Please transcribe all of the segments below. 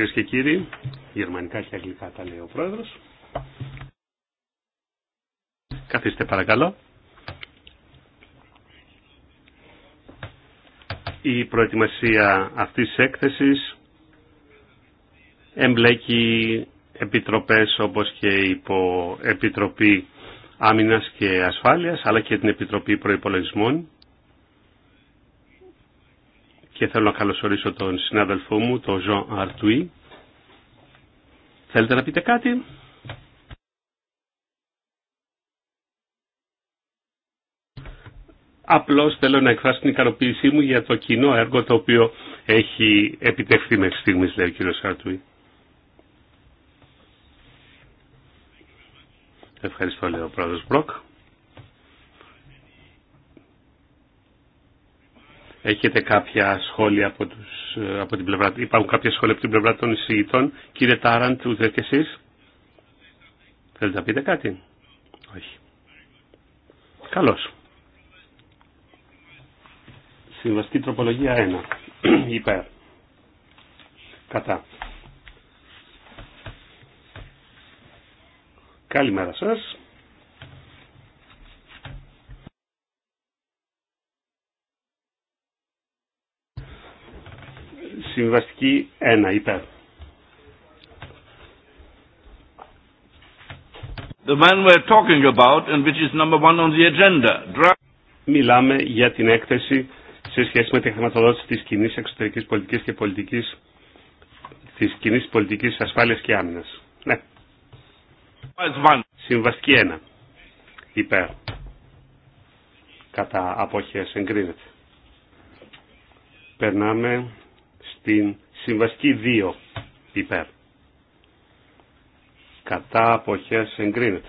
Κυρίε και κύριοι, γερμανικά και αγγλικά τα λέει ο πρόεδρο. Καθίστε παρακαλώ. Η προετοιμασία αυτής της έκθεσης εμπλέκει επιτροπές όπως και υπό Επιτροπή Άμυνας και Ασφάλειας αλλά και την Επιτροπή Προϋπολογισμών και θέλω να καλωσορίσω τον συνάδελφό μου, τον Ζων Αρτουί. Θέλετε να πείτε κάτι? Απλώς θέλω να εκφράσω την ικανοποίησή μου για το κοινό έργο το οποίο έχει επιτευχθεί μέχρι στιγμής, λέει ο κύριος Ευχαριστώ, λέει ο πρόεδρος Μπροκ. Έχετε κάποια σχόλια από, τους, από την πλευρά, υπάρχουν κάποια σχόλια από την πλευρά των εισηγητών. Κύριε Τάραντ, ούτε και εσείς. Θέλετε να πείτε κάτι. Όχι. Καλώς. Συμβαστή τροπολογία 1. Υπέρ. Κατά. Καλημέρα σας. Συμβαστική 1 υπέρ. The man we're talking about and which is number one on the agenda. Μιλάμε για την έκθεση σε σχέση με τη χρηματοδότηση της κοινής εξωτερικής πολιτικής και πολιτικής της κοινής πολιτικής ασφάλειας και άμυνας. Ναι. Συμβαστική 1. Υπέρ. Κατά αποχές εγκρίνεται. Περνάμε στην συμβαστική 2. Υπέρ. Κατά αποχές εγκρίνεται.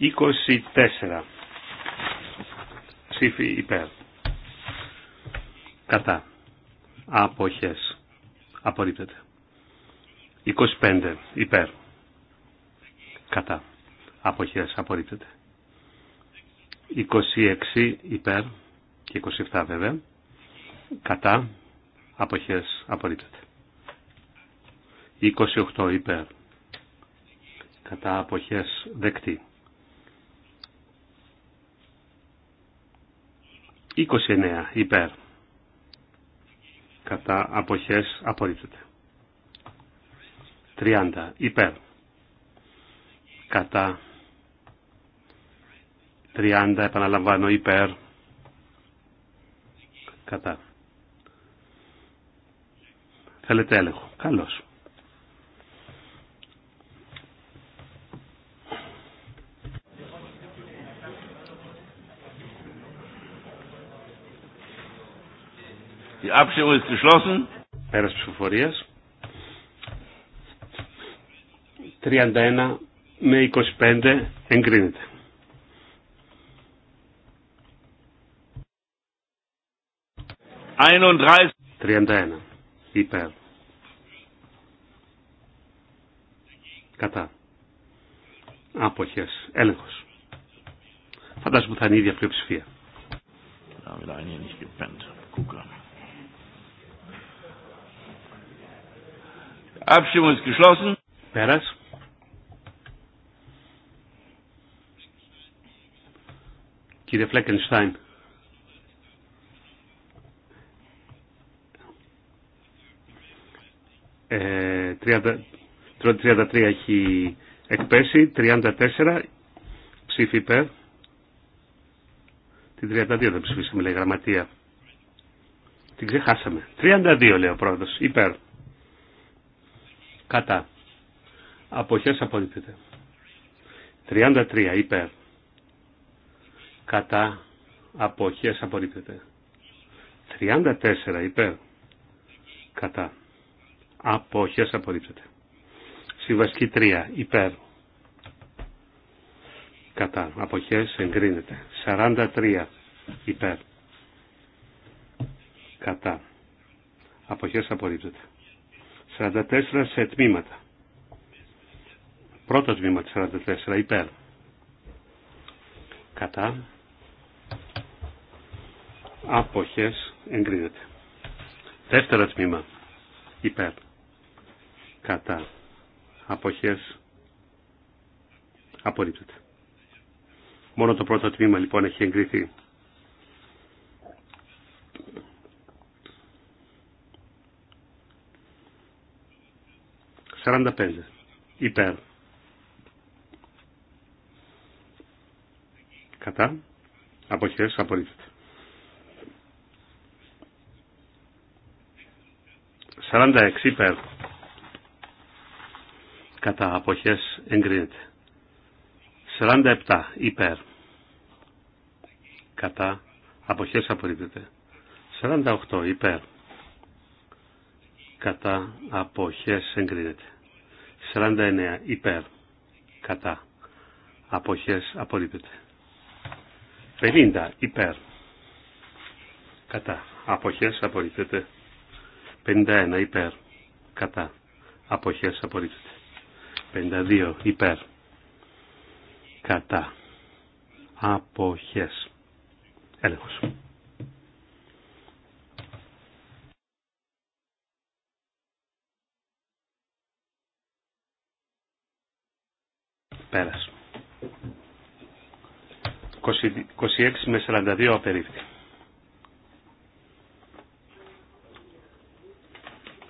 24. Ψήφι υπέρ. Κατά. Αποχές. Απορρίπτεται. 25. Υπέρ κατά αποχές απορρίπτεται 26 υπέρ και 27 βέβαια κατά αποχές απορρίπτεται 28 υπέρ κατά αποχές δεκτή 29 υπέρ κατά αποχές απορρίπτεται 30 υπέρ κατά 30 επαναλαμβάνω υπέρ κατά θέλετε έλεγχο καλώς Die Abstimmung ist geschlossen. Πέρας ψηφοφορίας. 31 με 25 εγκρίνεται. 31 υπέρ. Κατά. Αποχές. Έλεγχος. Φαντάζομαι θα είναι η ίδια πλειοψηφία. Abstimmung Πέρας. κύριε Φλέκενστάιν. Ε, 30, 33 έχει εκπέσει, 34 ψήφι υπέρ. Την 32 δεν ψηφίσαμε, λέει η γραμματεία. Την ξεχάσαμε. 32 λέει ο πρόεδρος, υπέρ. Κατά. Αποχές απορρίπτεται. 33 υπέρ κατά αποχές απορρίπτεται. 34 υπέρ κατά αποχές απορρίπτεται. Συμβαστική 3 υπέρ κατά αποχές εγκρίνεται. 43 υπέρ κατά αποχές απορρίπτεται. 44 σε τμήματα. Πρώτο τμήμα 44 υπέρ. Κατά αποχές εγκρίνεται. Δεύτερο τμήμα υπέρ κατά αποχές απορρίπτεται. Μόνο το πρώτο τμήμα λοιπόν έχει εγκριθεί. Σαράντα πέντε. Υπέρ. Κατά. Αποχές απορρίπτεται. 46 υπέρ. Κατά αποχές εγκρίνεται. 47 υπέρ. Κατά αποχές απορρίπτεται. 48 υπέρ. Κατά αποχές εγκρίνεται. 49 υπέρ. Κατά αποχές απορρίπτεται. 50 υπέρ. Κατά αποχές απορρίπτεται. 51 υπέρ κατά αποχές απορρίπτεται. 52 υπέρ κατά αποχές. Έλεγχος. Πέρας. 26 με 42 απερίφθηκε.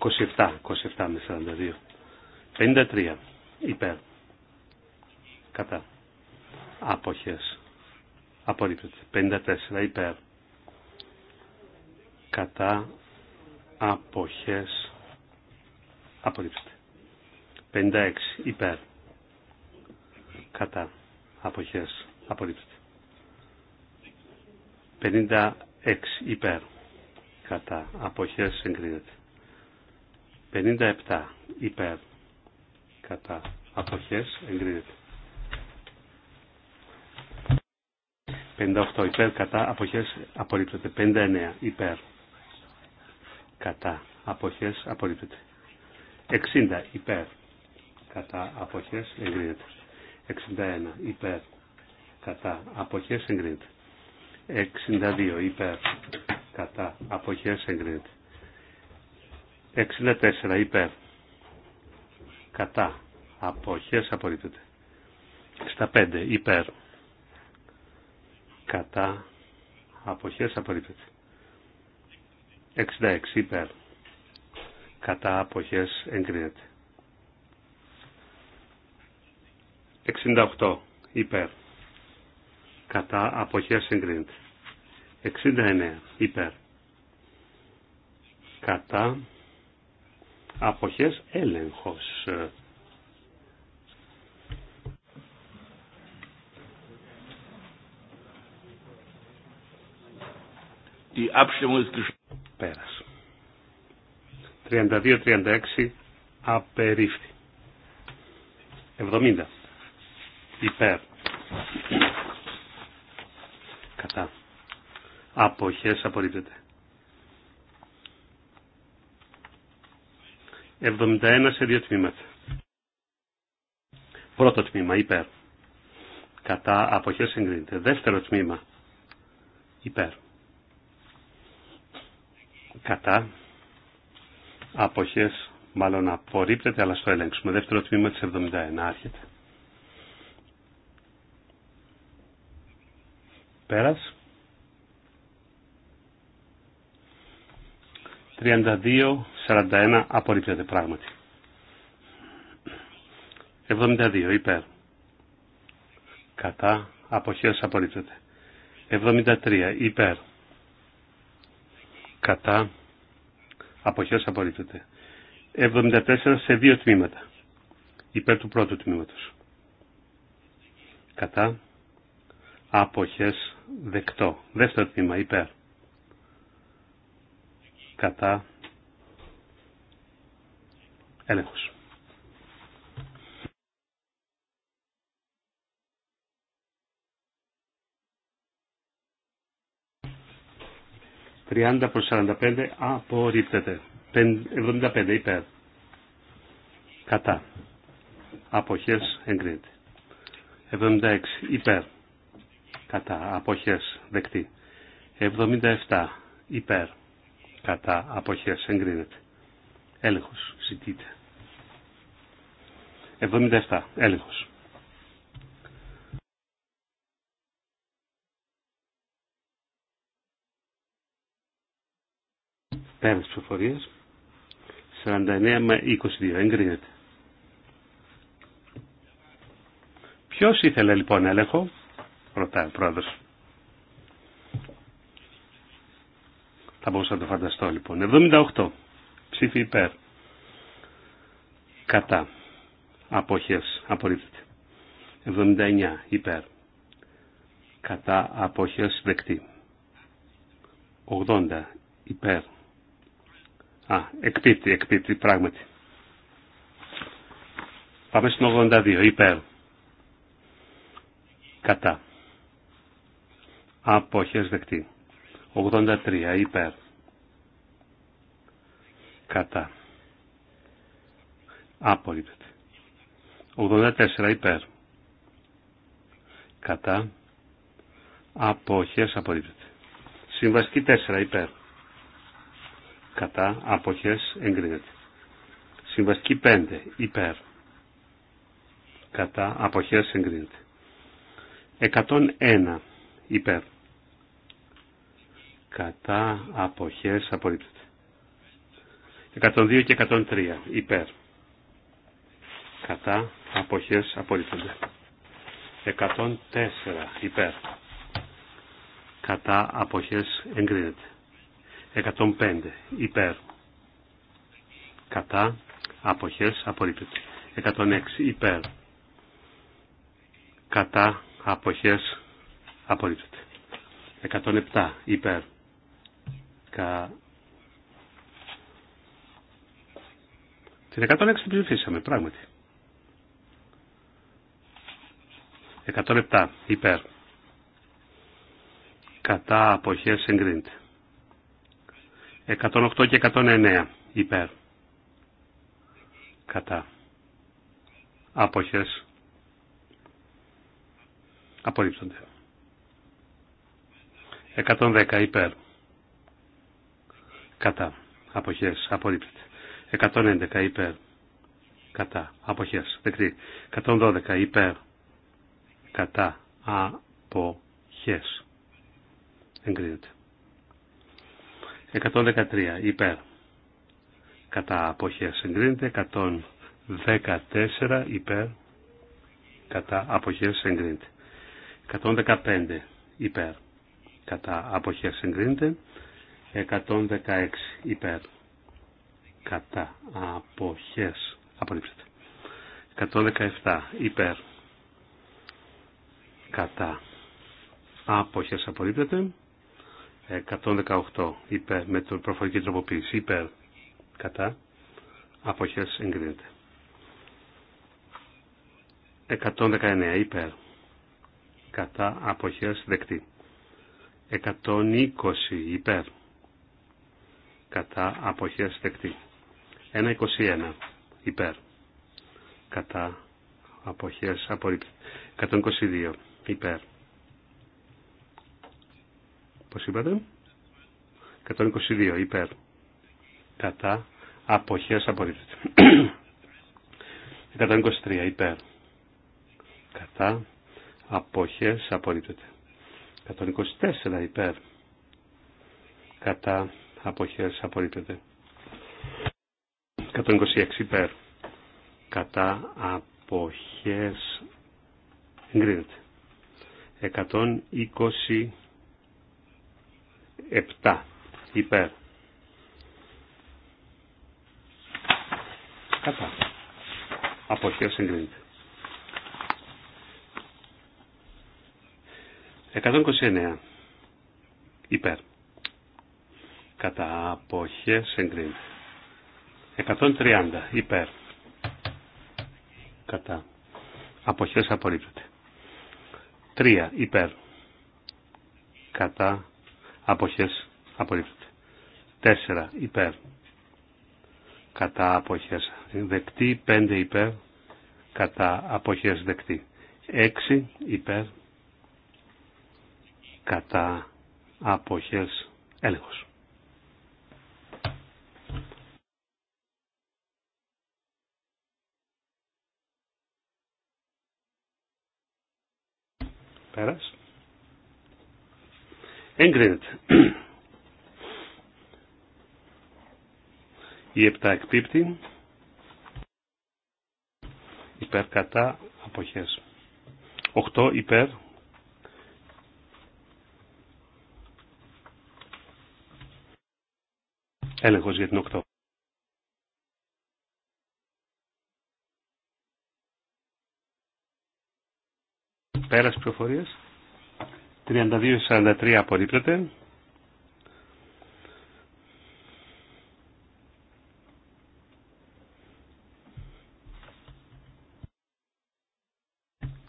27, 27 με 42. 53 υπέρ. Κατά. Άποχες. Απορρίπτεται. 54 υπέρ. Κατά. Άποχες. Απορρίπτεται. 56 υπέρ. Κατά. Άποχες. Απορρίπτεται. 56 υπέρ. Κατά. Αποχές εγκρίνεται. 57 υπέρ κατά αποχές εγκρίνεται. 58 υπέρ κατά αποχές απορρίπτεται. 59 υπέρ κατά αποχές απορρίπτεται. 60 υπέρ κατά αποχές εγκρίνεται. 61 υπέρ κατά αποχές εγκρίνεται. 62 υπέρ κατά αποχές εγκρίνεται. 64 υπέρ. Κατά. Αποχές απορρίπτεται. 65 υπέρ. Κατά. Αποχές απορρίπτεται. 66 υπέρ. Κατά. Αποχές εγκρίνεται. 68 υπέρ. Κατά. Αποχές εγκρίνεται. 69 υπέρ. Κατά αποχές έλεγχος. Η άψιμος της... πέρας. 32 32-36 απερίφθη. 70 υπέρ. Κατά. Αποχές απορρίπτεται. 71 σε δύο τμήματα. Πρώτο τμήμα, υπέρ. Κατά αποχές εγκρίνεται. Δεύτερο τμήμα, υπέρ. Κατά αποχές, μάλλον απορρίπτεται, αλλά στο ελέγξουμε. Δεύτερο τμήμα της 71 άρχεται. Πέρας. 32-41 απορρίπτεται πράγματι. 72 υπέρ. Κατά αποχές απορρίπτεται. 73 υπέρ. Κατά αποχές απορρίπτεται. 74 σε δύο τμήματα. Υπέρ του πρώτου τμήματος. Κατά αποχές δεκτό. Δεύτερο τμήμα υπέρ κατά έλεγχος. 30 προς 45 απορρίπτεται. 75 υπέρ. Κατά. Αποχές εγκρίνεται. 76 υπέρ. Κατά. Αποχές δεκτή. 77 υπέρ κατά αποχές εγκρίνεται. Έλεγχος Ζητείτε. 77. Έλεγχος. Πέρα της 49 με 22. Εγκρίνεται. Ποιος ήθελε λοιπόν έλεγχο. Ρωτάει ο πρόεδρος. Θα μπορούσα να το φανταστώ λοιπόν. 78. Ψήφι υπέρ. Κατά. Απόχες. Απορρίπτεται. 79. Υπέρ. Κατά. Απόχες. Δεκτή. 80. Υπέρ. Α, εκπίπτει, εκπίπτει, πράγματι. Πάμε στην 82. Υπέρ. Κατά. Απόχες δεκτή. 83 υπέρ. Κατά. Απορρίπτεται. 84 υπέρ. Κατά. Αποχές απορρίπτεται. Συμβαστική 4 υπέρ. Κατά. Αποχές εγκρίνεται. Συμβαστική 5 υπέρ. Κατά. Αποχές εγκρίνεται. 101 υπέρ κατά αποχές απορρίπτεται. 102 και 103 υπέρ κατά αποχές απορρίπτεται. 104 υπέρ κατά αποχές εγκρίνεται. 105 υπέρ κατά αποχές απορρίπτεται. 106 υπέρ κατά αποχές απορρίπτεται. 107 υπέρ τελικά. Την 106 την ψηφίσαμε, πράγματι. 107 υπέρ. Κατά αποχές εγκρίνεται. 108 και 109 υπέρ. Κατά αποχές απορρίπτονται. 110 υπέρ κατά αποχές απορρίπτεται 111 υπέρ κατά αποχές δεκτή 112 υπέρ κατά αποχές εγκρίνεται 113 υπέρ κατά αποχές εγκρίνεται 114 υπέρ κατά αποχές εγκρίνεται 115 υπέρ κατά αποχές εγκρίνεται 116 υπέρ κατά αποχές απορρίψετε 117 υπέρ κατά αποχές απολύπτεται 118 υπέρ με την προφορική τροποποίηση υπέρ κατά αποχές εγκρίνεται 119 υπέρ κατά αποχές δεκτή 120 υπέρ κατά αποχές δεκτή. 1.21 υπέρ κατά αποχές απορρίπτει. 122 υπέρ. Πώς είπατε? 122 υπέρ. Κατά αποχές απορρίπτεται. 123 υπέρ. Κατά αποχές απορρίπτεται. 124 υπέρ. Κατά αποχές απορρίπτεται. 126 υπέρ κατά αποχές εγκρίνεται. 127 υπέρ κατά αποχές εγκρίνεται. 129 υπέρ κατά αποχές εγκρίνεται. 130 υπέρ κατά αποχές απορρίπτεται. 3 υπέρ κατά αποχές απορρίπτεται. 4 υπέρ κατά αποχές δεκτή. 5 υπέρ κατά αποχές δεκτή. 6 υπέρ κατά αποχές έλεγχος. Εγκρίνεται. Η επτά εκπίπτη υπέρ κατά αποχές. Οκτώ υπέρ έλεγχος για την οκτώ. Πέρας πληροφορίας. 32-43 απορρίπτεται.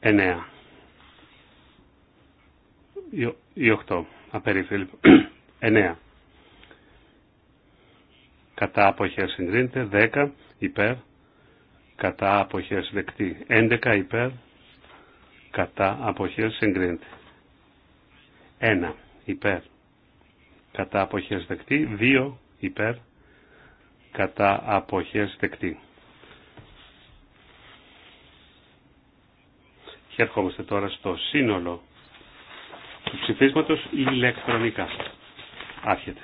Εννέα. Ή οχτώ. Απερίφθη λοιπόν. Εννέα. Κατά αποχές συγκρίνεται. Δέκα υπέρ. Κατά αποχές δεκτή. Έντεκα υπέρ κατά αποχές εγκρίνεται. Ένα υπέρ κατά αποχές δεκτή, Δύο υπέρ κατά αποχές δεκτή. Και ερχόμαστε τώρα στο σύνολο του ψηφίσματος ηλεκτρονικά. Άρχεται.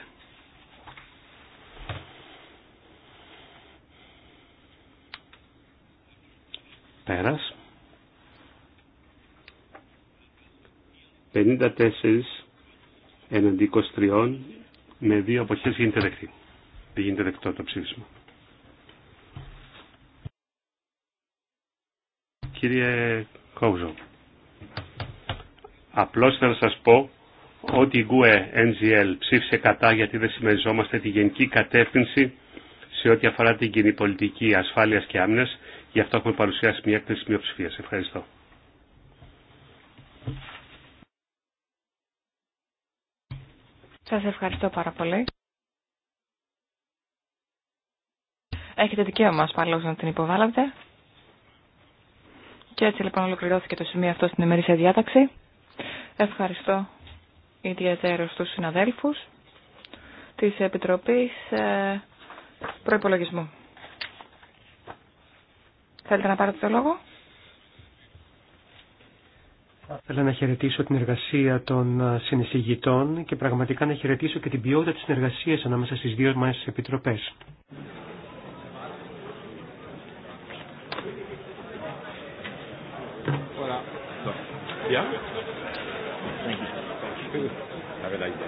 Πέρας. 54 εναντί 23 με δύο αποχές γίνεται δεκτή. Δεν γίνεται δεκτό το ψήφισμα. Κύριε Κόουζο, απλώς θα να σας πω ότι η ΓΚΟΕ NGL ψήφισε κατά γιατί δεν συμμεριζόμαστε τη γενική κατεύθυνση σε ό,τι αφορά την κοινή πολιτική ασφάλειας και άμυνας. Γι' αυτό έχουμε παρουσιάσει μια έκθεση μειοψηφίας. Ευχαριστώ. Σας ευχαριστώ πάρα πολύ. Έχετε δικαίωμα ασφαλώς να την υποβάλλατε. Και έτσι λοιπόν ολοκληρώθηκε το σημείο αυτό στην ημερήσια διάταξη. Ευχαριστώ ιδιαίτερα στους συναδέλφους της Επιτροπής ε, Προϋπολογισμού. Θέλετε να πάρετε το λόγο. Θα να χαιρετήσω την εργασία των ε, συνεισηγητών και πραγματικά να χαιρετήσω και την ποιότητα της συνεργασίας ανάμεσα στις δύο μας επιτροπές. Thank you.